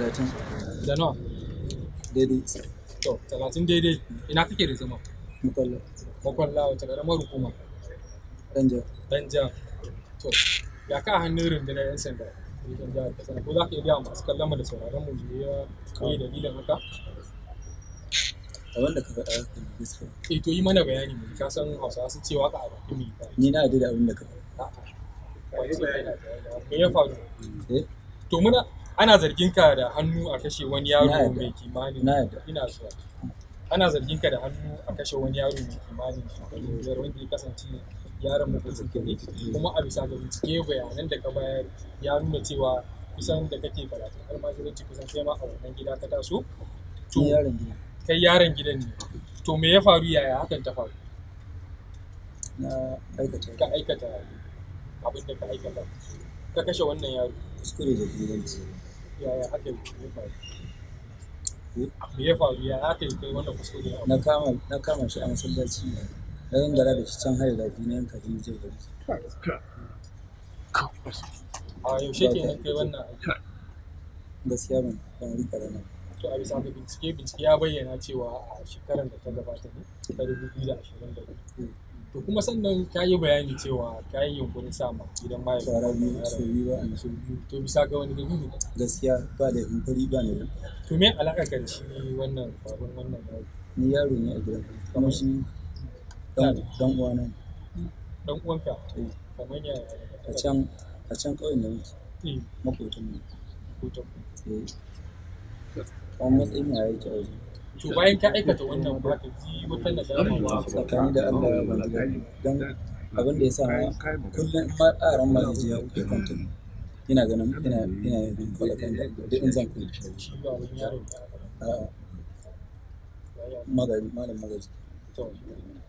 talatin da nawa daidai to talatin daidai ina kake da zama makwalla makwalla wata ƙaramar hukuma danja danja to ya ka hannun rundunar yan sanda ko za ka iya gaya masu kallon mu da sauraron mu ya kai dalilin haka a ka faɗa gaskiya eh to yi mana bayani mu ka san Hausawa sun ce waka a bakin mu ni na da abin da ka faɗa me ya faru eh? to muna ana zargin ka da hannu a kashe wani yaro mai kimanin ina zuwa ana zargin ka da hannu a kashe wani yaro mai kimanin shekaru biyar wanda ya kasance yaron mafarkin ka ne kuma a bisa ga bincike bayanan da ka bayar ya nuna cewa kusan da kake karatu har ma kusan sai ma a wannan gida ka taso to kai yaron gidan ne to me ya faru yaya hakan ta faru na aikata ka aikata abin da ka aikata ka kashe wannan yaro kuskure da gidanci yaya haka ya faru me ya faru hmm? ya haka ya kai wannan kuskure na kama na kama shi a masallaci ne na zangara da shi can hari da na yanka da shi da gari a yaushe ke kai wannan gaskiya ban ban rika da nan to a bisa ga bincike bincike ya bayyana cewa a shekarar da ta gabata ne ta dubu biyu da ashirin da hmm. to kuma sannan ka yi bayani cewa ka yi yunkurin sama idan ma ya fara biyu ba a to bisa ga wani dalili gaskiya ba da yunkuri ba ne to me alaka ka shi wannan faruwar wannan yaro ni yaro ne a gidan kuma shi dan uwa ne dan uwanka eh. kamar ya a can a can kauyen da muke eh. makotan mu makotan mu eh kuma matsayin ya yi ta wajen to bayan ka aikata wannan ba ka ji wata nadama ba tsakani da Allah ya bada gani dan abin da ya sa kullum ma tsaron ma zai ya kuke kwanta ina ganin ina ina yin kwalakan da duk in zan kulle shi magani malam magaji